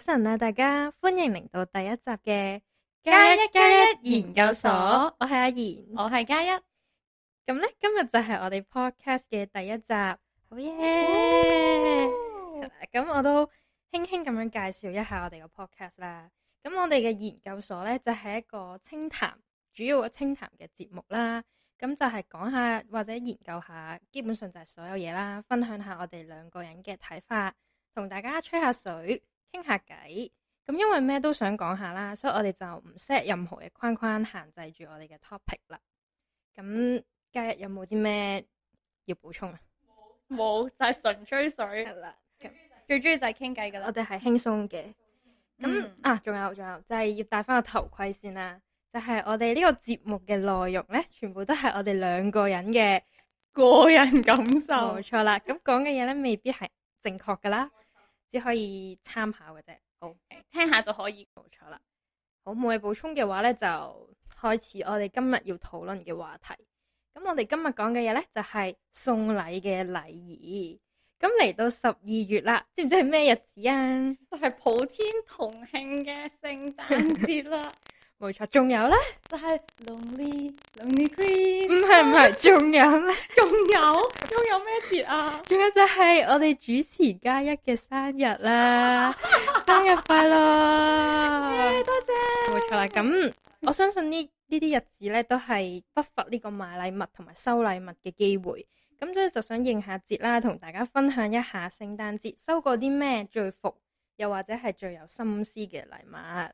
早晨啊！大家歡迎嚟到第一集嘅加一加一研究所。我係阿賢，我係加一。咁咧，今日就係我哋 podcast 嘅第一集，好耶、oh, yeah! Yeah!！咁我都輕輕咁樣介紹一下我哋個 podcast 啦。咁我哋嘅研究所咧就係、是、一個清談，主要嘅清談嘅節目啦。咁就係講下或者研究下，基本上就係所有嘢啦。分享下我哋兩個人嘅睇法，同大家吹下水。傾下偈，咁因為咩都想講下啦，所以我哋就唔 set 任何嘅框框限制住我哋嘅 topic 啦。咁今日有冇啲咩要補充啊？冇，就係純吹水係啦。最中意就係傾偈噶啦，我哋係輕鬆嘅。咁啊，仲有仲有就係要戴翻個頭盔先啦。就係、是、我哋呢個節目嘅內容咧，全部都係我哋兩個人嘅個人感受，冇錯啦。咁講嘅嘢咧，未必係正確噶啦。 只可以參考嘅啫，OK，聽下就可以，冇錯啦。好冇嘢補充嘅話咧，就開始我哋今日要討論嘅話題。咁我哋今日講嘅嘢咧就係、是、送禮嘅禮儀。咁嚟到十二月啦，知唔知係咩日子啊？就係普天同慶嘅聖誕節啦。 冇錯，仲有呢？就係 lonely lonely green 唔係唔係，仲 有呢？仲 有，仲有咩節啊？仲有就係我哋主持加一嘅生日啦， 生日快樂，yeah, 多謝，冇錯啦。咁我相信呢呢啲日子呢都係不乏呢個買禮物同埋收禮物嘅機會。咁所以就想應下節啦，同大家分享一下聖誕節收過啲咩最服，又或者係最有心思嘅禮物。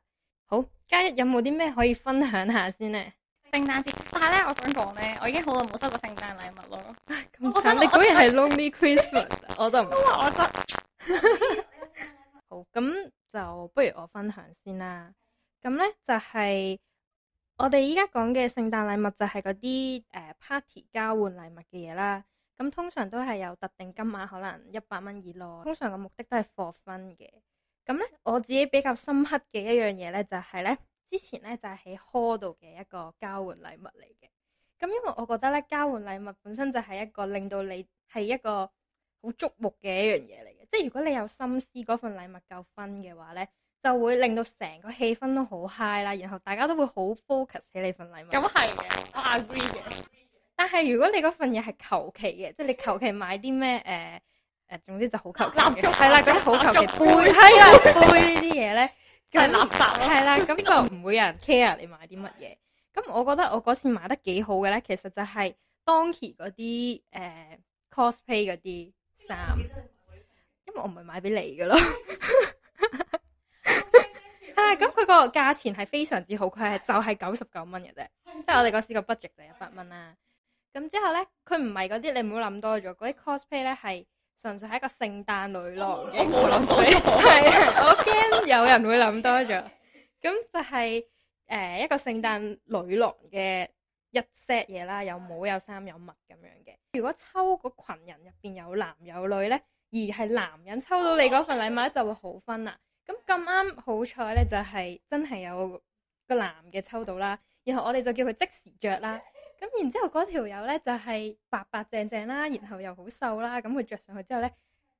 好，加一有冇啲咩可以分享下先咧？聖誕節，但係咧，我想講咧，我已經好耐冇收過聖誕禮物咯、啊。我想我你果然係 Lonely Christmas， 我就唔。都我得。我 好，咁就不如我分享先啦。咁咧就係我哋依家講嘅聖誕禮物，就係嗰啲誒 party 交換禮物嘅嘢啦。咁通常都係有特定金額，可能一百蚊以內。通常嘅目的都係 for fun 嘅。咁咧，我自己比較深刻嘅一樣嘢咧，就係咧，之前咧就係喺 hall 度嘅一個交換禮物嚟嘅。咁因為我覺得咧，交換禮物本身就係一個令到你係一個好矚目嘅一樣嘢嚟嘅。即係如果你有心思嗰份禮物夠分嘅話咧，就會令到成個氣氛都好 high 啦，然後大家都會好 focus 喺你份禮物。咁係嘅，我 agree 嘅。但係如果你嗰份嘢係求其嘅，即係你求其買啲咩誒？呃總之就好求其，係啦，覺得好求其背，係啦，背呢啲嘢咧，梗係垃圾咯，係啦，咁就唔會有人 care 你買啲乜嘢。咁我覺得我嗰次買得幾好嘅咧，其實就係 Donki 嗰啲誒 cosplay 嗰啲衫，因為我唔係買俾你噶咯。係咁，佢個價錢係非常之好，佢係就係九十九蚊嘅啫，即係我哋嗰時個 budget 就一百蚊啦。咁之後咧，佢唔係嗰啲，你唔好諗多咗，嗰啲 cosplay 咧係。純粹係一個聖誕女郎嘅， 我冇諗多咗，係啊，我驚有人會諗多咗。咁 就係、是、誒、呃、一個聖誕女郎嘅一 set 嘢啦，有帽有衫有襪咁樣嘅。如果抽嗰群人入邊有男有女咧，而係男人抽到你嗰份禮物咧， 就會好分啦。咁咁啱好彩咧，就係真係有個男嘅抽到啦。然後我哋就叫佢即時着啦。咁然之後嗰條友咧就係白白淨淨啦，然後又好瘦啦，咁佢着上去之後咧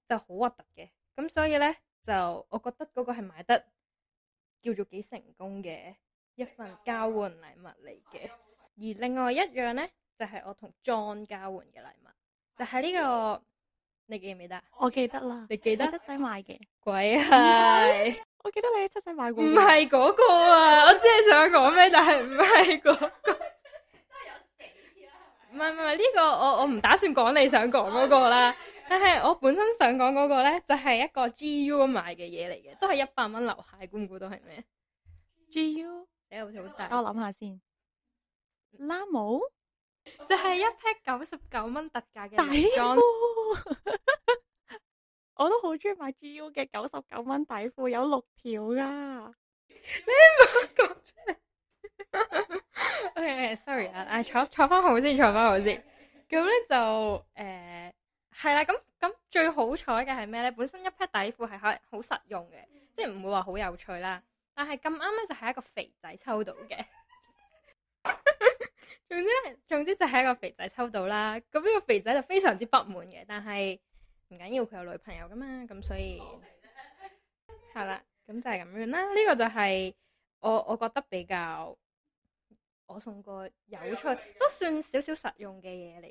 就好核突嘅，咁所以咧就我覺得嗰個係買得叫做幾成功嘅一份交換禮物嚟嘅。而另外一樣咧就係我同 John 交換嘅禮物，就係呢個你記唔記得？我記得啦，你記得七仔買嘅？鬼係， 我記得你七仔買過。唔係嗰個啊，我知你想講咩，但係唔係嗰個。 唔係唔係，呢個我我唔打算講你想講嗰個啦，啊、但係我本身想講嗰個咧就係、是、一個 G U 買嘅嘢嚟嘅，都係 G iu?、欸、一百蚊樓下，估唔估到係咩？G U，睇下好似好大。我諗下先，拉毛就係一 pack 九十九蚊特價嘅底褲部， 我都好中意買 G U 嘅九十九蚊底褲，有六條噶， 你冇講出嚟？誒、okay,sorry 啊，誒，坐坐翻好先，坐翻好先。咁咧 Okay, okay. 就誒，係、呃、啦，咁咁最好彩嘅係咩咧？本身一 pair 底褲係好好實用嘅，即係唔會話好有趣啦。但係咁啱咧就係一個肥仔抽到嘅。 總之咧，總之就係一個肥仔抽到啦。咁呢個肥仔就非常之不滿嘅，但係唔緊要，佢有女朋友噶嘛。咁所以係啦，咁、嗯嗯嗯、就係咁樣啦。呢、這個就係我我覺得比較。我送過有趣，都算少少實用嘅嘢嚟。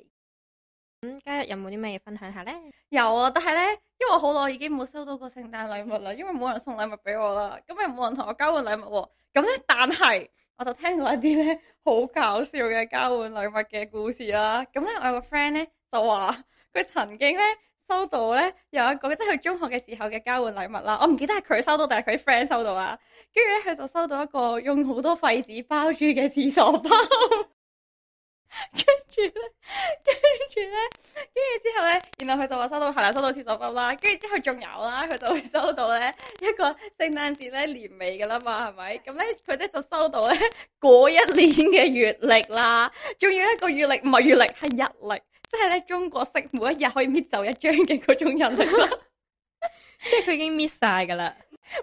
咁、嗯、今日有冇啲咩嘢分享下咧？有啊，但係咧，因為我好耐已經冇收到過聖誕禮物啦， 因為冇人送禮物俾我啦，咁又冇人同我交換禮物。咁咧，但係我就聽過一啲咧好搞笑嘅交換禮物嘅故事啦。咁咧，我有個 friend 咧就話佢曾經咧。收到咧有一個即係佢中學嘅時候嘅交換禮物啦，我唔記得係佢收到定係佢 friend 收到啊。跟住咧，佢就收到一個用好多廢紙包住嘅廁所包，跟住咧，跟住咧，跟住之後咧，然後佢就話收到，係、嗯、啦，收到廁所包啦。跟住之後仲有啦，佢就會收到咧一個聖誕節咧年尾嘅啦嘛，係咪？咁咧佢咧就收到咧嗰一,一年嘅月曆啦，仲要一個月曆唔係月曆，係日曆。即係咧，中國式每一日可以搣走一張嘅嗰種日曆咯，即係佢已經搣晒噶啦。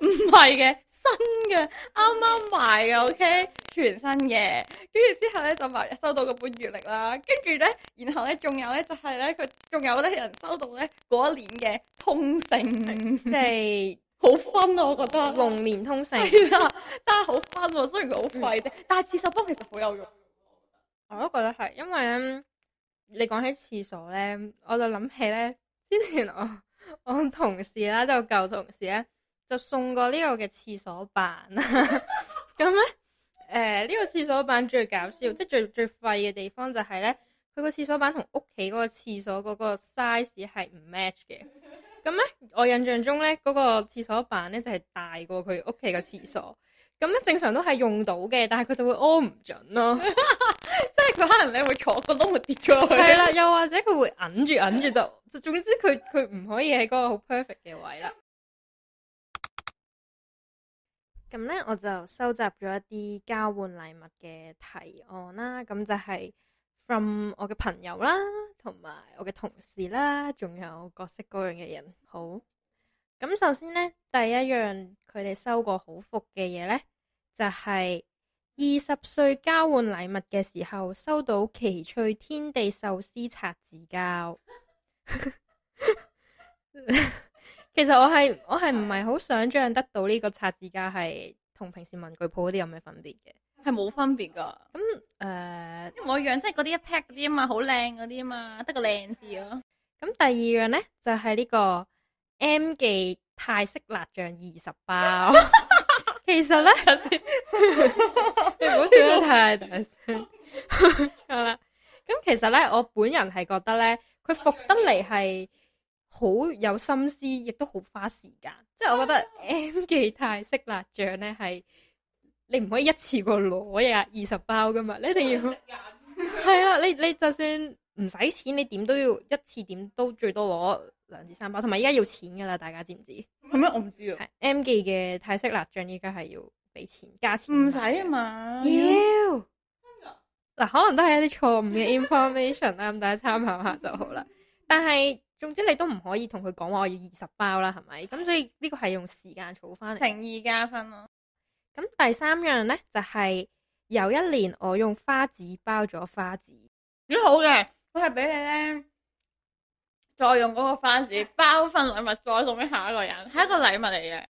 唔係嘅，新嘅，啱啱買嘅，OK，全新嘅。跟住之後咧，就埋收到個半月曆啦。跟住咧，然後咧，仲有咧，就係、是、咧，佢仲有咧人收到咧嗰一年嘅通勝，即係好 fun 啊！我覺得龍年通勝 但啦，但係好 fun 啊！雖然佢好廢啫，嗯、但係廁所包其實好有用。我都覺得係，因為咧。你講起廁所咧，我就諗起咧之前我我同事啦，就舊同事咧就送過呢個嘅廁所板啦。咁咧，誒呢、呃呢個廁所板最搞笑，即係最最廢嘅地方就係咧，佢個廁所板同屋企嗰個廁所嗰個 size 係唔 match 嘅。咁咧 我印象中咧嗰、嗰個廁所板咧就係、係、大過佢屋企個廁所。咁咧，正常都係用到嘅，但係佢就會安唔準咯、啊， 即係佢可能你會坐，佢都會跌咗去。係啦，又或者佢會揞住揞住就就，總之佢佢唔可以喺嗰個好 perfect 嘅位啦。咁咧， 我就收集咗一啲交換禮物嘅提案啦，咁就係 from 我嘅朋友啦，同埋我嘅同事啦，仲有各式各樣嘅人。好，咁首先咧，第一樣佢哋收過好福嘅嘢咧。就係二十歲交換禮物嘅時候，收到奇趣天地壽司擦字膠。 其實我係我係唔係好想象得到呢個擦字膠係同平時文具鋪嗰啲有咩分別嘅？係冇分別噶。咁誒，呃、因為我樣即係嗰啲一 pack 啲啊嘛，好靚嗰啲啊嘛，得個靚字咯。咁第二樣咧，就係、是、呢個 M 記泰式辣醬二十包。 其實咧，唔好, 笑得太大聲。 好啦，咁其實咧，我本人係覺得咧，佢服得嚟，係好有心思，亦都好花時間。即係我覺得 M 記泰式辣醬咧，係你唔可以一次過攞呀二十包噶嘛，你一定要係啊！ 你你就算唔使錢，你點都要一次點都最多攞。兩至三包，同埋依家要錢噶啦，大家知唔知？係咩？我唔知啊。M 記嘅泰式辣醬依家係要俾錢，價錢唔使啊嘛。要？真噶嗱，可能都係一啲錯誤嘅 information 啦，咁大家參考下就好啦。但係總之你都唔可以同佢講話，我要二十包啦，係咪？咁 所以呢個係用時間儲翻嚟，誠意加分咯、啊。咁第三樣咧就係、是、有一年我用花紙包咗花紙，咦好嘅，我係俾你咧。再用嗰個番薯包份禮物，再送俾下一個人，係一個禮物嚟嘅。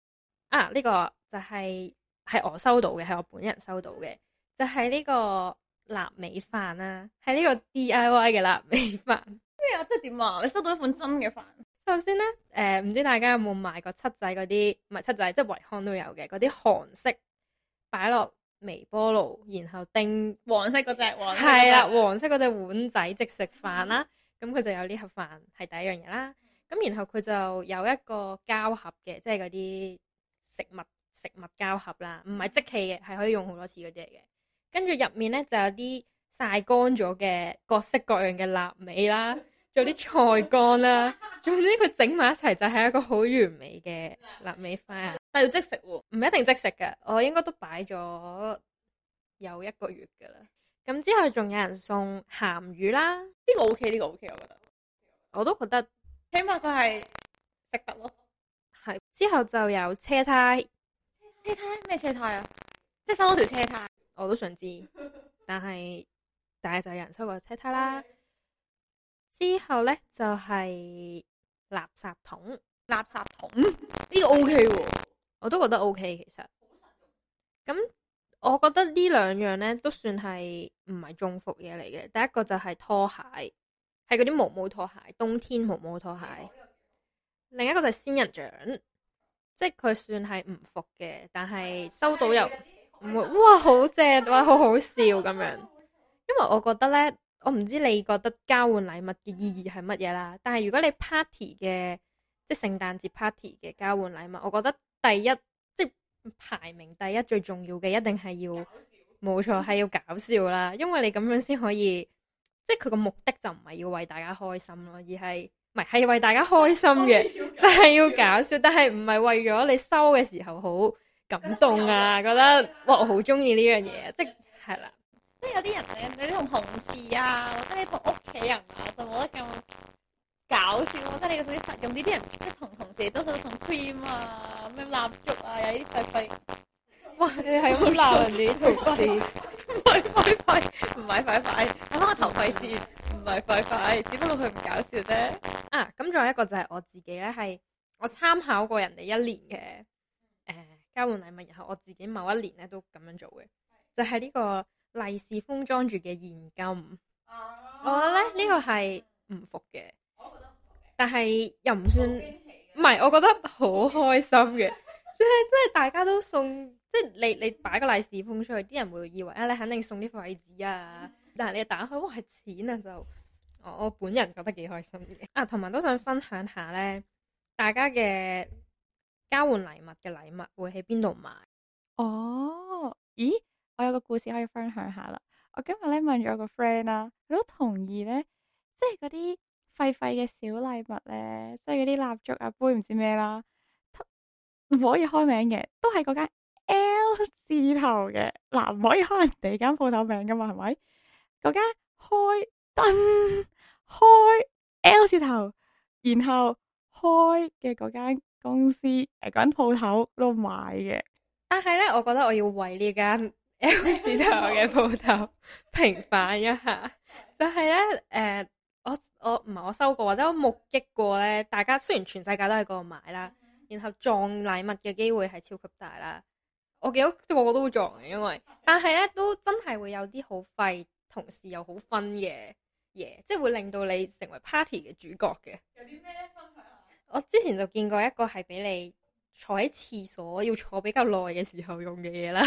啊，呢、這個就係、是、係我收到嘅，係我本人收到嘅，就係、是、呢個臘味飯啦，係呢個 D I Y 嘅臘味飯。咩啊？即係點啊？你收到一份真嘅飯？首先咧，誒、呃，唔知大家有冇買過七仔嗰啲，唔係七仔，即係維康都有嘅嗰啲韓式，擺落微波爐，然後叮黃色嗰隻黃係啦，黃色嗰隻、啊、隻碗仔即食飯啦、啊。嗯咁佢就有呢盒飯係第一樣嘢啦，咁然後佢就有一個膠盒嘅，即係嗰啲食物食物膠盒啦，唔係即棄嘅，係可以用好多次嗰啲嚟嘅。跟住入面咧就有啲曬乾咗嘅各式各樣嘅臘味啦，仲有啲菜乾啦，總之佢整埋一齊就係一個好完美嘅臘味飯， 但要即食喎，啊，唔一定即食嘅，我應該都擺咗有一個月噶啦。咁、嗯、之後仲有人送鹹魚啦，呢個 O K，呢個 OK，我覺得，我都覺得起碼佢係食得咯。係之後就有車胎，車胎咩車胎啊？即係收咗條車胎，啊，我都想知， 但係但係就有人收過車胎啦。 之後咧就係、是、垃圾桶，垃圾桶呢個 O K 喎， 我都覺得 OK 其實。咁。我覺得兩呢兩樣呢都算係唔係中伏嘢，嚟嘅。第一個就係拖鞋，係嗰啲毛毛拖鞋，冬天毛毛拖鞋。 另一個就係仙人掌，即係佢算係唔伏嘅，但係收到又唔 會。哇，好正哇，好好笑咁樣。因為我覺得呢，我唔知你覺得交換禮物嘅意義係乜嘢啦。但係如果你 party 嘅，即係聖誕節 party 嘅交換禮物，我覺得第一。排名第一最重要嘅一定係要冇錯係要搞笑啦，因為你咁樣先可以，即係佢個目的就唔係要為大家開心咯，而係唔係係為大家開心嘅，就係 要搞笑，搞笑但係唔係為咗你收嘅時候好感動啊， 覺得、啊、哇我好中意呢樣嘢，啊、即係係啦，嗯、了即係有啲人你你同同事啊，或者你同屋企人啊，就冇得咁。搞笑，我真係佢同啲用啲啲人一同同事都送 cream 啊，咩蠟燭啊，有呢啲廢廢。哇，你係冇鬧人哋同事，唔係廢廢，唔係廢廢。講翻個頭費事，唔係廢廢，只不過佢唔搞笑啫。啊，咁仲有一個就係我自己咧，係我參考過人哋一年嘅誒交換禮物，然後我自己某一年咧都咁樣做嘅，就係呢個利是封裝住嘅現金。我咧呢個係唔服嘅。但係又唔算，唔係，我覺得好開心嘅，即係即係大家都送，即、就、係、是、你你擺個利是封出去，啲人會以為啊，你肯定送呢塊紙啊，但係你打開，哇，係錢啊！就我，我本人覺得幾開心嘅。啊，同埋都想分享下咧，大家嘅交換禮物嘅禮物會喺邊度買？哦，咦，我有個故事可以分享下啦。我今日咧問咗個 friend 啦、啊，佢都同意咧，即係嗰啲。廢廢嘅小禮物咧，即係嗰啲蠟燭啊、杯唔知咩啦，唔可以開名嘅，都係嗰間 L 字頭嘅，嗱、啊、唔可以開人哋間鋪頭名噶嘛，係咪？嗰間開燈開 L 字頭，然後開嘅嗰間公司誒，間鋪頭都度買嘅。但係咧，我覺得我要為呢間 L 字頭嘅鋪頭平反一下，就係咧誒。呃我我唔係我收過或者我目擊過咧，大家雖然全世界都喺嗰度買啦，mm hmm. 然後撞禮物嘅機會係超級大啦。我記得個個都會撞嘅，因為但係咧都真係會有啲好廢，同時又好分嘅嘢，即係會令到你成為 party 嘅主角嘅。有啲咩分享？我之前就見過一個係俾你坐喺廁所要坐比較耐嘅時候用嘅嘢啦。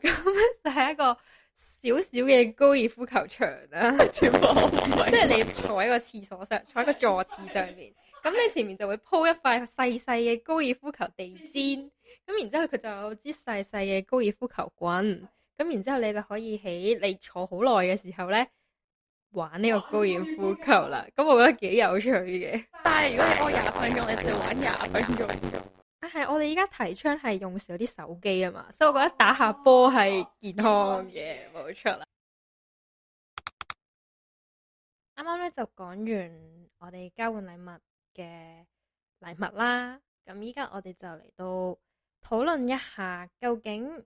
咁 就係一個。少少嘅高爾夫球場啦，啊， 即係你坐喺個廁所上，坐喺個座廁上面，咁 你前面就會鋪一塊細細嘅高爾夫球地氈，咁然之後佢就有支細細嘅高爾夫球棍，咁然之後你就可以喺你坐好耐嘅時候咧玩呢個高爾夫球啦，咁我覺得幾有趣嘅。 但係如果你坐廿分鐘，你就玩廿分鐘。係我哋依家提倡係用少啲手機啊嘛，所以我覺得打下波係健康嘅，健康、yeah, 冇錯啦。啱啱咧就講完我哋交換禮物嘅禮物啦，咁依家我哋就嚟到討論一下，究竟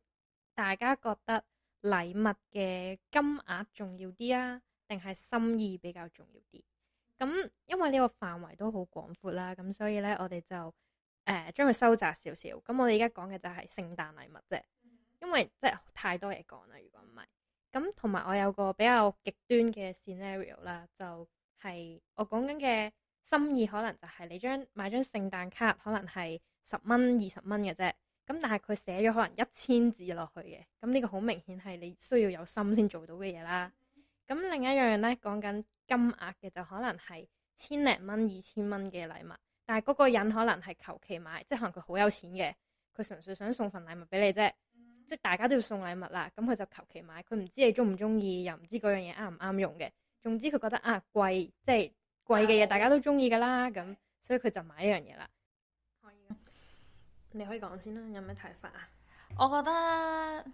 大家覺得禮物嘅金額重要啲啊，定係心意比較重要啲？咁因為呢個範圍都好廣闊啦，咁所以咧我哋就。誒，將佢，呃、收窄少少，咁我哋而家講嘅就係聖誕禮物啫，因為即係太多嘢講啦，如果唔係，咁同埋我有個比較極端嘅 scenario 啦，就係、是、我講緊嘅心意可能就係你將買張聖誕卡可能係十蚊二十蚊嘅啫，咁但係佢寫咗可能一千字落去嘅，咁呢個好明顯係你需要有心先做到嘅嘢啦。咁另一樣咧講緊金額嘅就可能係千零蚊二千蚊嘅禮物。但係嗰個人可能係求其買，即係可能佢好有錢嘅，佢純粹想送份禮物俾你啫，嗯、即係大家都要送禮物啦，咁佢就求其買，佢唔知你中唔中意，又唔知嗰樣嘢啱唔啱用嘅，總之佢覺得啊貴，即係貴嘅嘢大家都中意噶啦，咁、嗯、所以佢就買呢樣嘢啦。可以，你可以講先啦，有咩睇法啊？我覺得，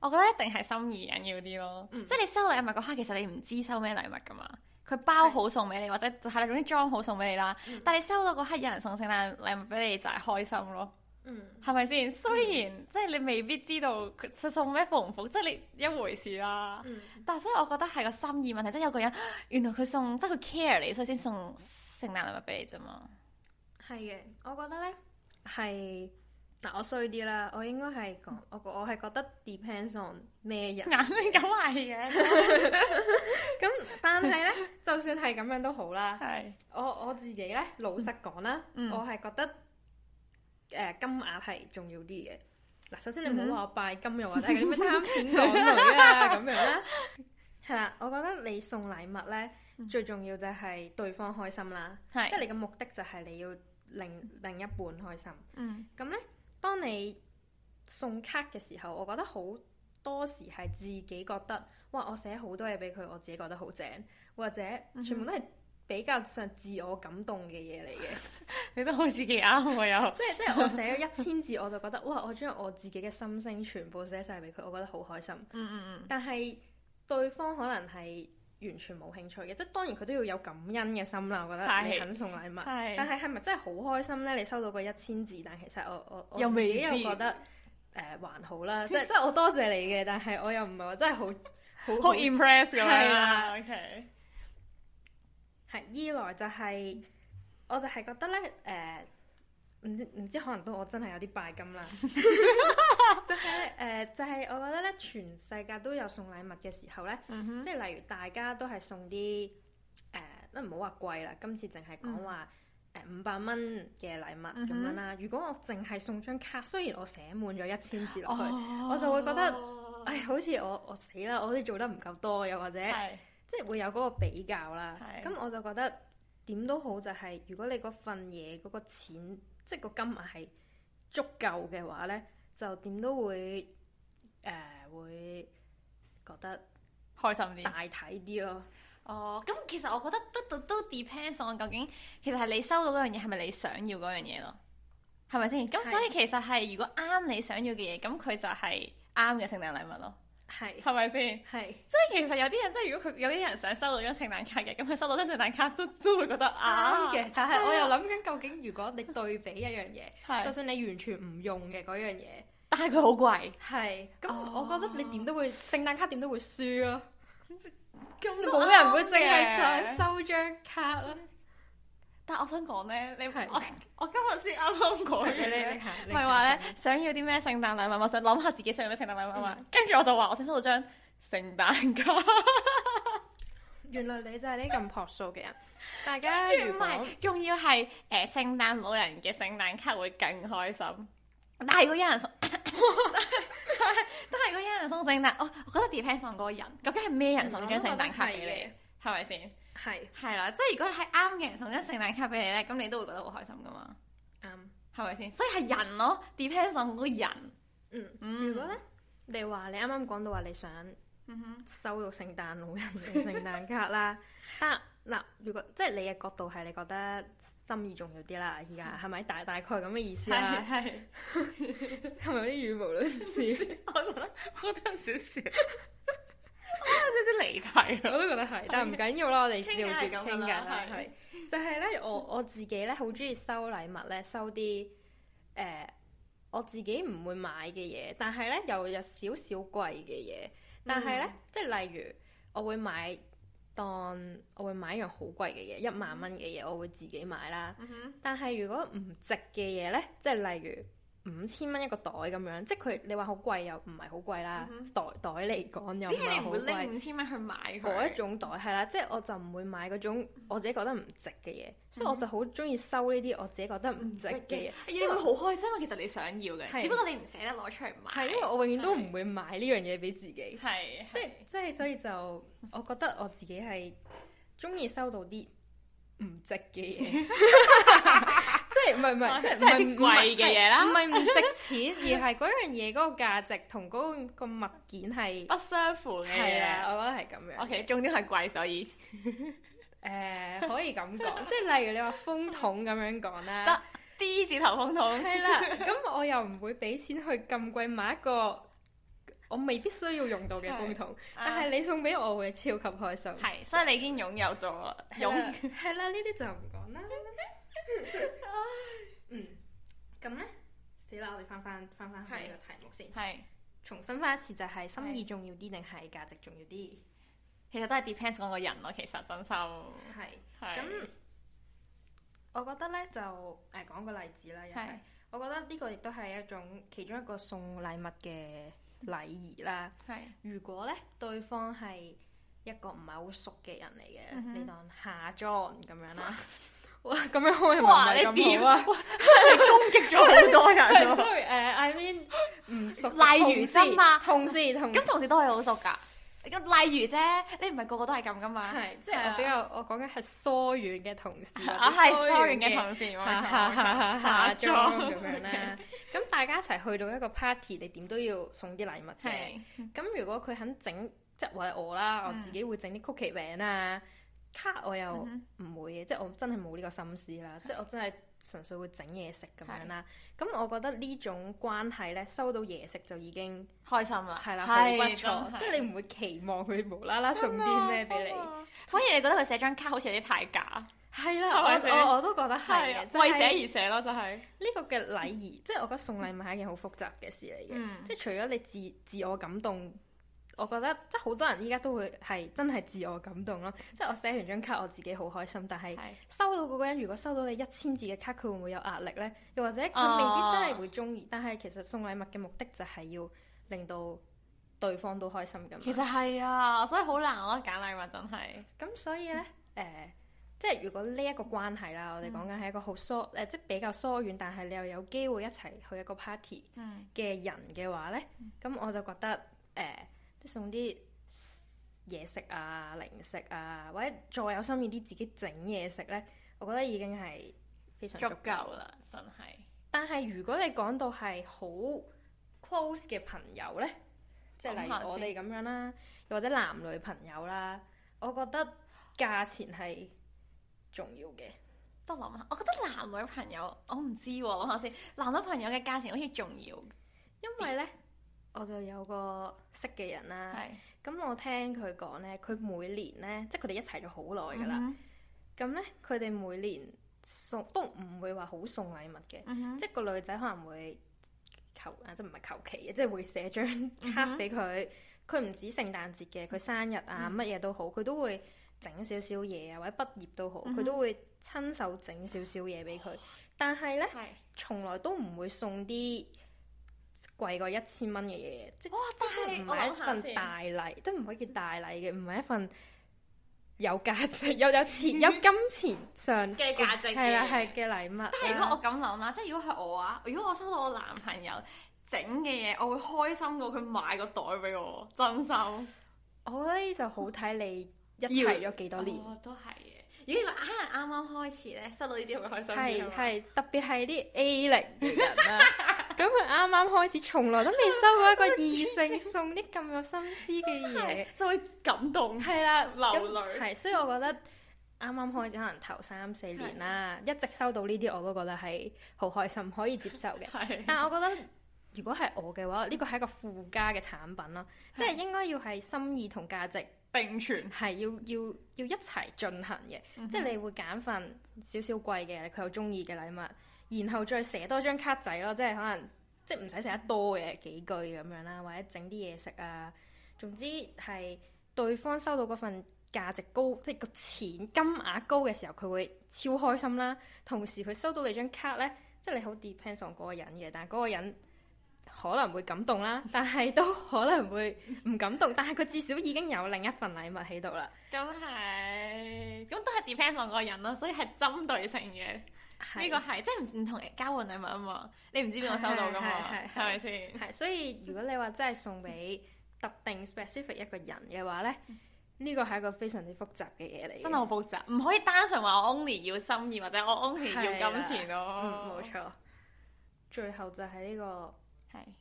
我覺得一定係心意緊要啲咯，即係、嗯、你收禮物嗰刻，其實你唔知收咩禮物噶嘛。佢包好送俾你，或者就係總之裝好送俾你啦。嗯、但你收到嗰刻有人送聖誕禮物俾你，就係、是、開心咯。嗯，係咪先？雖然、嗯、即係你未必知道佢送咩符唔符，即係你一回事啦、啊。嗯、但所以我覺得係個心意問題，即、就、係、是、有個人原來佢送，即係佢 care 你，所以先送聖誕禮物俾你啫嘛。係嘅，我覺得咧係。嗱，我衰啲啦，我應該係講，我我係覺得 depends on 咩人，眼硬搞嚟嘅。咁但係咧，就算係咁樣都好啦。係、 嗯，嗯，我我自己咧老實講啦，我係覺得誒、呃、金額係重要啲嘅。嗱，首先你唔好話我拜金，又或者係啲咩貪錢黨女啊。咁樣咧，係啦，我覺得你送禮物咧 ALEX Russians 最重要就係對方開心啦，即係是你嘅目的就係你要令另一半開心。嗯，咁贏咧。當你送卡嘅時候，我覺得好多時係自己覺得，哇！我寫好多嘢俾佢，我自己覺得好正，或者全部都係比較上自我感動嘅嘢嚟嘅。 你都好似幾啱我有， 又即係即係我寫咗一千字，我就覺得哇！我將我自己嘅心聲全部寫晒俾佢，我覺得好開心。嗯嗯嗯。但係對方可能係。完全冇興趣嘅，即係當然佢都要有感恩嘅心啦。我覺得你肯送禮物，的但係係咪真係好開心呢？你收到過一千字，但其實我我我自己又覺得誒、呃、還好啦，即係 即係我多謝，謝你嘅，但係我又唔係 話真係好好 impress 你啦。啊、OK，係二來就係、是，我就係覺得呢，誒、呃，唔唔知可能都我真係有啲拜金啦。 誒、 呃，就係、是、我覺得咧，全世界都有送禮物嘅時候咧，嗯、哼即係例如大家都係送啲誒，都唔好話貴啦。今次淨係講話誒五百蚊嘅禮物咁樣啦。嗯、哼如果我淨係送張卡，雖然我寫滿咗一千字落去，哦、我就會覺得誒、哦哎，好似我我死啦，我啲做得唔夠多，又或者是即係會有嗰個比較啦。咁是我就覺得點都好，就係如果你嗰份嘢嗰、那個錢，即係個金額係足夠嘅話咧。就點都會誒、呃、會覺得開心啲，大體啲咯。哦，咁其實我覺得都都都 depends on 究竟，其實係你收到嗰樣嘢係咪你想要嗰樣嘢咯？係咪先？咁所以其實係是如果啱你想要嘅嘢，咁佢就係啱嘅聖誕禮物咯。係，係咪先？係，即係是其實有啲人，即係如果佢有啲人想收到張聖誕卡嘅，咁佢收到張聖誕卡都都會覺得啱嘅、啊。但係我又諗緊，究竟如果你對比一樣嘢，是就算你完全唔用嘅嗰樣嘢，但係佢好貴，係，咁我覺得你點都會聖誕、哦、卡點都會輸咯、啊。咁冇 麼多 人會淨係想收張卡啦。 但我想講咧，你我我今日先啱啱講嘅咧，你係話咧想要啲咩聖誕禮物，我想諗下自己想要啲聖誕禮物。跟住我就話我想收到張聖誕卡。原來你就係呢咁樸素嘅人，大家如果仲要係誒聖誕老人嘅聖誕卡會更開心。但係如果有人送，但係如果有人送聖誕，我我覺得 depends on 嗰個人，究竟係咩人送張聖誕卡俾你，係咪先？係係啦，即係如果係啱嘅人，送一聖誕卡俾你咧，咁你都會覺得好開心噶嘛？啱係咪先？所以係人咯，depends on 好多人。嗯，如果咧，你話你啱啱講到話你想收到聖誕老人嘅聖誕卡啦，得嗱，如果即係你嘅角度係你覺得心意重要啲啦，而家係咪大大概咁嘅意思啦？係咪啲語無倫次？好啦， 我等住先。離題，我都覺得係，但係唔緊要啦， 我哋照住咁傾緊係，就係、係、咧，我我自己咧好中意收禮物咧，收啲誒、呃、我自己唔會買嘅嘢，但係咧又有少少貴嘅嘢，但係咧、mm hmm. 即係例如我會買當我會買一樣好貴嘅嘢，一萬蚊嘅嘢我會自己買啦，mm hmm. 但係如果唔值嘅嘢咧，即係例如。五千蚊一個袋咁樣，即係佢你話好貴又唔係好貴啦，袋袋嚟講又唔係好貴。即係你唔會拎五千蚊去買佢。一種袋係啦，即係我就唔會買嗰種我自己覺得唔值嘅嘢，嗯、哼所以我就好中意收呢啲我自己覺得唔值嘅嘢、嗯哎。你會好開心、啊，因為其實你想要嘅，為只不過你唔捨得攞出嚟買。係因為我永遠都唔會買呢樣嘢俾自己。係即係即係，所以就我覺得我自己係中意收到啲唔值嘅嘢。 唔係唔係，即係唔貴嘅嘢啦，唔係唔值錢，而係嗰樣嘢嗰個價值同嗰個物件係不相符嘅嘢，我覺得係咁樣。OK，重點係貴，所以誒可以咁講，即係例如你話風筒咁樣講啦，D 字頭風筒係啦，咁我又唔會俾錢去咁貴買一個我未必需要用到嘅風筒，但係你送俾我會超級開心，係，所以你已經擁有咗啦，擁係啦，呢啲就唔講啦。 嗯，咁咧死啦！我哋翻翻翻翻去呢個題目先，係重新翻一次就係、是、心意重要啲定係價值重要啲？是其實都係 depends 我個人咯，其實真心係。咁是是我覺得咧就誒、哎、講個例子啦，又係是我覺得呢個亦都係一種其中一個送禮物嘅禮儀啦。係是如果咧對方係一個唔係好熟嘅人嚟嘅，嗯、哼你當下 John 咁樣啦。 哇，咁樣開唔係咁好啊！你攻擊咗好多人咯。Sorry，誒，I mean，唔熟，例如先嘛，同事同咁同事都係好熟噶。咁例如啫，你唔係個個都係咁噶嘛？係即係。比較，我講緊係疏遠嘅同事，疏遠嘅同事，哈下下下下妝咁樣咧。咁大家一齊去到一個 party，你點都要送啲禮物嘅。咁如果佢肯整，即係我啦，我自己會整啲曲奇餅啊。卡我又唔會嘅，即係我真係冇呢個心思啦，即係我真係純粹會整嘢食咁樣啦。咁我覺得呢種關係咧，收到嘢食就已經開心啦，係啦，冇錯，即係你唔會期望佢無啦啦送啲咩俾你。反而你覺得佢寫張卡好似有啲太假，係啦，我我都覺得係，為寫而寫咯，就係呢個嘅禮儀。即係我覺得送禮物係一件好複雜嘅事嚟嘅，即係除咗你自自我感動。我覺得即係好多人依家都會係真係自我感動咯。嗯、即係我寫完張卡，我自己好開心。但係收到嗰個人，如果收到你一千字嘅卡，佢會唔會有壓力呢？又或者佢未必真係會中意。哦、但係其實送禮物嘅目的就係要令到對方都開心咁。其實係啊，所以好難咯、啊，揀禮物真係。咁所以呢，誒、嗯呃，即係如果呢一個關係啦，我哋講緊係一個好疏誒，即係比較疏遠，但係你又有機會一齊去一個 party 嘅人嘅話咧，咁、嗯、我就覺得誒。呃即送啲嘢食啊、零食啊，或者再有心意啲自己整嘢食咧，我覺得已經係非常足夠啦，真係。但係如果你講到係好 close 嘅朋友咧，即係例如我哋咁樣啦，又先或者男女朋友啦，我覺得價錢係重要嘅。都諗下，我覺得男女朋友，我唔知喎、啊，諗下先。男女朋友嘅價錢好似重要，因為咧。我就有個識嘅人啦，咁是我聽佢講咧，佢每年咧，即係佢哋一齊咗好耐噶啦，咁咧佢哋每年送都唔會話好送禮物嘅，mm hmm. 即係個女仔可能會求啊，即唔係求其嘅，即係會寫張卡俾佢。佢唔、mm hmm. 止聖誕節嘅，佢生日啊，乜嘢、mm hmm. 都好，佢都會整少少嘢啊，或者畢業都好，佢、mm hmm. 都會親手整少少嘢俾佢。Oh. 但係咧，從是來都唔會送啲。貴過一千蚊嘅嘢，哦、即係唔係一份大禮，都唔可以叫大禮嘅，唔係一份有價值、 又有錢、 有金錢上嘅價值嘅禮物、啊。但係如果我咁諗啦，即係如果係我啊，如果我收到我男朋友整嘅嘢，我會開心過佢買個袋俾我，真心。 我覺得呢就好睇你一齊咗幾多年，我都係嘅。如果啱啱開始咧，收到呢啲會開心啲，係係。特別係啲 A 零嘅人 咁佢啱啱開始，從來都未收過一個異性送啲咁有心思嘅嘢， 就會感動。係啦慮，流淚、啊。係，所以我覺得啱啱開始可能頭三四年啦、啊， 一直收到呢啲，我都覺得係好開心，可以接受嘅。 的但係我覺得如果係我嘅話，呢個係一個附加嘅產品啦，即係 應該要係心意同價值並存，係要要要一齊進行嘅。即係、嗯、哼你會揀份少少貴嘅，佢有中意嘅禮物。然後再寫多張卡仔咯，即係可能即係唔使寫得多嘅幾句咁樣啦，或者整啲嘢食啊，總之係對方收到嗰份價值高，即係個錢金額高嘅時候，佢會超開心啦。同時佢收到你張卡呢，即係你好 depends on 嗰個人嘅，但係嗰個人可能會感動啦， 但係都可能會唔感動，但係佢至少已經有另一份禮物喺度啦。咁係，咁都係 depend on 嗰個人咯，所以係針對性嘅。呢個係是即係唔同交換禮物啊嘛，你唔知邊個收到噶嘛，係咪先？係所以如果你話真係送俾特定 specific 一個人嘅話咧，呢個係一個非常之複雜嘅嘢，嚟。真係好複雜，唔可以單純話我 only 要心意或者我 only 要金錢咯，冇錯的、嗯。最後就係呢、這個係，的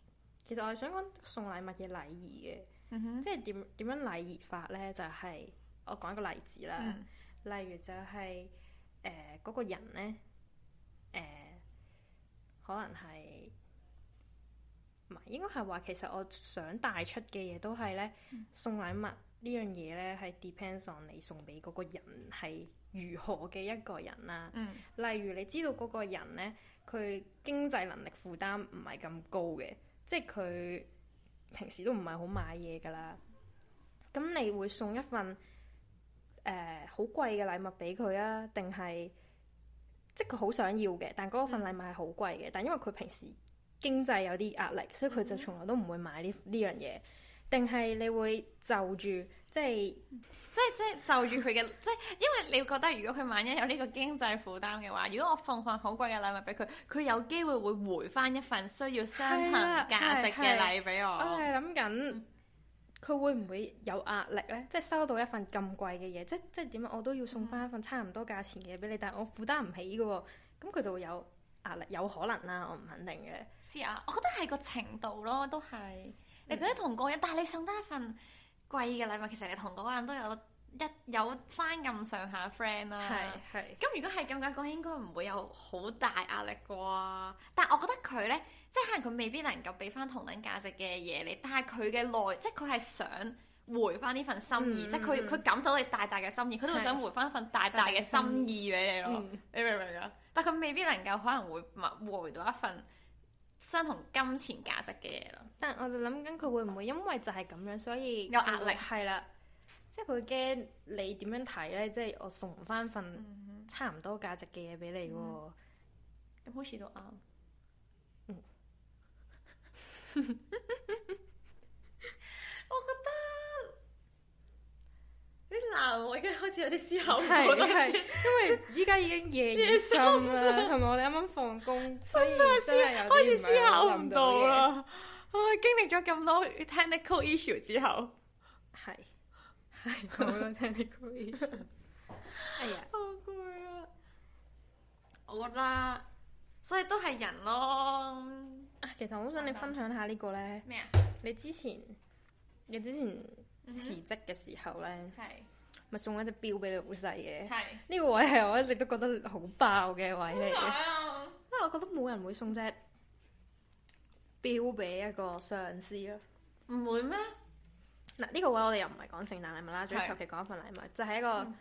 其實我係想講送禮物嘅禮儀嘅，嗯、哼即係點點樣禮儀法咧？就係、是、我講一個例子啦，例如就係誒嗰個人咧。誒、呃，可能係，唔係應該係話，其實我想帶出嘅嘢都係咧，嗯、送禮物、這個、呢樣嘢咧，係 depends on 你送俾嗰個人係如何嘅一個人啦。嗯、例如你知道嗰個人咧，佢經濟能力負擔唔係咁高嘅，即係佢平時都唔係好買嘢噶啦。咁你會送一份誒好貴嘅禮物俾佢啊？定係？即係佢好想要嘅，但嗰份禮物係好貴嘅，嗯、但因為佢平時經濟有啲壓力，所以佢就從來都唔會買呢呢、嗯、樣嘢。定係你會就住，即係嗯、即係即係即係就住佢嘅， 即係因為你會覺得如果佢萬一有呢個經濟負擔嘅話，如果我放份好貴嘅禮物俾佢，佢有機會會回翻一份需要相同價值嘅禮俾我。啊、是是是我係諗緊。佢會唔會有壓力咧？即係收到一份咁貴嘅嘢，即即係點解我都要送翻一份差唔多價錢嘅嘢俾你，嗯、但係我負擔唔起嘅喎，咁佢就會有壓力，有可能啦，我唔肯定嘅。是啊，我覺得係個程度咯，都係你覺得同嗰人，嗯、但係你送得一份貴嘅禮物，其實你同嗰人都有。有一有翻咁上下 friend 啦，咁如果係咁講，應該唔會有好大壓力啩。但係我覺得佢咧，即係可能佢未必能夠俾翻同等價值嘅嘢你，但係佢嘅內，即係佢係想回翻呢份心意，嗯、即係佢佢感受你大大嘅心意，佢、嗯、都會想回翻一份大大嘅心意俾你咯。嗯、你明唔明啊？但係佢未必能夠可能會回到一份相同金錢價值嘅嘢咯。但係我就諗緊佢會唔會因為就係咁樣，所以有壓力係啦。即係佢驚你點樣睇咧？即係我送翻份差唔多價值嘅嘢俾你喎、哦。咁好似都啱。我覺得你鬧我已經開始有啲思考。係係，因為依家已經夜深同埋我哋啱啱放工， 所以真係開始思考唔到啦。唉、啊，經歷咗咁多 technical issue 之後。好啦，聽你係啊，好攰啊！我啦，所以都係人咯。其實我好想你分享下個呢個咧。咩啊麼？你之前，你之前辭職嘅時候咧，係咪、嗯、哼送一隻表俾你老細嘅？係呢是個位係我一直都覺得好爆嘅位嚟嘅。因為、啊、 我覺得冇人會送隻表俾一個上司咯。唔會咩？嗱呢、啊呢個位我哋又唔係講聖誕禮物啦，仲要求其講一份禮物，就係、是、一個、嗯、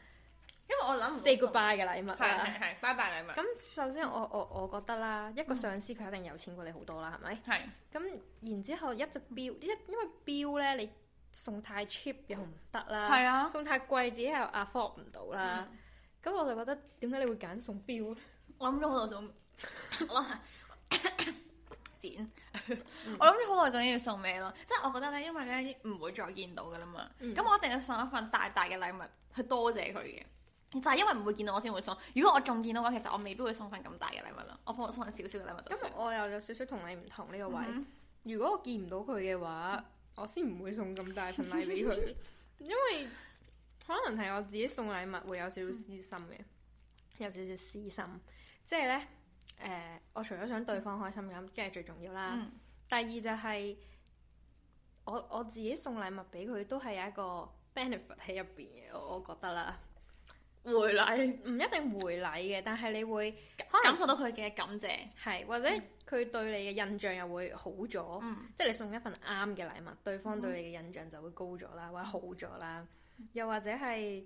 因為我諗唔到 say goodbye 嘅禮物啦，係係拜拜禮物。咁首先我我我覺得啦，嗯、一個上司佢一定有錢過你好多啦，係咪？係是。咁然之後一隻表，因為表咧你送太 cheap 又唔得啦，係、嗯、啊，送太貴自己又 afford 唔到啦。咁、嗯、我就覺得點解你會揀送表、嗯、我諗咗好多種，我 咳，剪。 我諗住好耐究竟要送咩咯？即係我覺得咧，因為咧唔會再見到噶啦嘛，咁、嗯、我一定要送一份大大嘅禮物去多謝佢嘅。就係因為唔會見到我先會送。如果我仲見到嘅話，其實我未必會送份咁大嘅禮物咯。我幫我送一份少少嘅禮物。咁我又有少少同你唔同呢個位。嗯、如果我見唔到佢嘅話，我先唔會送咁大份禮俾佢。 因為可能係我自己送禮物會有少少私心嘅，有少少私心，即係咧。誒、呃，我除咗想對方開心咁，梗係、嗯、最重要啦。嗯、第二就係、是、我我自己送禮物俾佢，都係有一個 benefit 喺入邊嘅，我我覺得啦。回禮唔一定回禮嘅，但係你會感可能感受到佢嘅感謝，係或者佢對你嘅印象又會好咗，即係、嗯、你送一份啱嘅禮物，對方對你嘅印象就會高咗啦，嗯、或者好咗啦，又或者係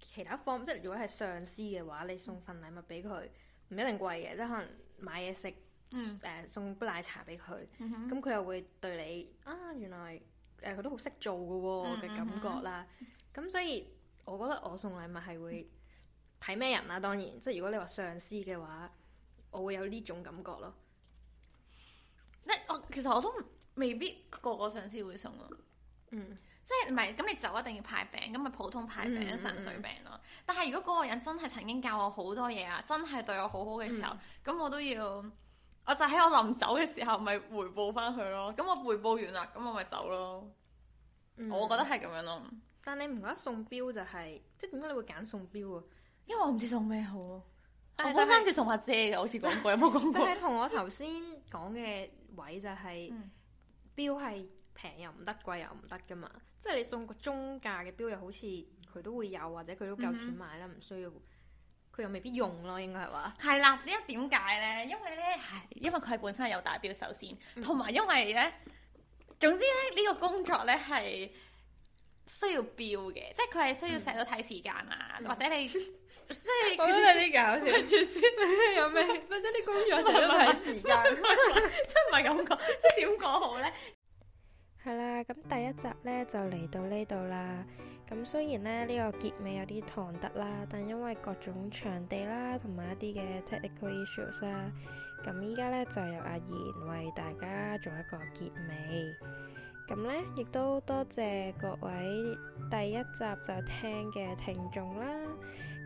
其他方，即、就、係、是、如果係上司嘅話，你送份禮物俾佢。唔一定貴嘅，即係可能買嘢食，誒、嗯呃、送杯奶茶俾佢，咁佢、嗯、哼又會對你啊，原來誒佢、呃、都好識做嘅喎嘅感覺啦。咁、嗯、所以我覺得我送禮物係會睇咩人啦，當然，即係如果你話上司嘅話，我會有呢種感覺咯。即我其實我都未必個個上司會送咯，嗯。即係唔係咁，你就一定要派餅，咁咪普通派餅、神水餅咯。嗯嗯、但係如果嗰個人真係曾經教我好多嘢啊，真係對我好好嘅時候，咁、嗯、我都要，我就喺我臨走嘅時候，咪回報翻佢咯。咁我回報完啦，咁我咪走咯。嗯、我覺得係咁樣咯。但你唔覺得送表就係、是，即係點解你會揀送表啊？因為我唔知送咩好、啊、但是我真係送下借嘅，好似講過有冇講過？就係同我頭先講嘅位就係、是，表係、嗯。標平又唔得，貴又唔得㗎嘛。即係你送個中價嘅錶，又好似佢都會有，或者佢都夠錢買啦，唔需要。佢又未必用咯，應該係話。係啦， 呢一點解咧？因為咧，係因為佢係本身有大錶，首先，同埋因為咧，總之咧，呢個工作咧係需要錶嘅，即係佢係需要成日都睇時間啊，或者你即係我都係啲搞笑，有咩？ 或者即係啲工作成日都睇時間，即係唔係咁講，即係點講好咧？係啦，咁第一集呢就嚟到呢度啦。咁雖然呢呢個結尾有啲唐突啦，但因為各種場地啦，同埋一啲嘅 technical issues 啦，咁依家呢就由阿賢為大家做一個結尾。咁呢亦都多謝各位第一集就聽嘅聽眾啦。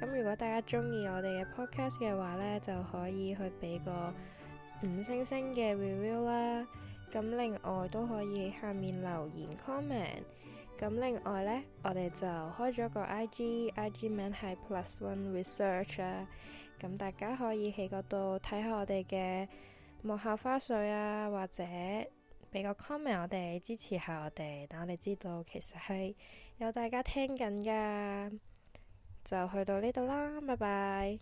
咁如果大家中意我哋嘅 podcast 嘅話呢，就可以去俾個五星星嘅 review 啦。咁另外都可以下面留言 comment。咁另外呢，我哋就開咗個 IG，IG IG 名係 Plus One Research 啦。咁、啊、大家可以喺嗰度睇下我哋嘅幕後花絮啊，或者俾個 comment 我哋，支持下我哋。等我哋知道其實係有大家聽緊噶，就去到呢度啦，拜拜。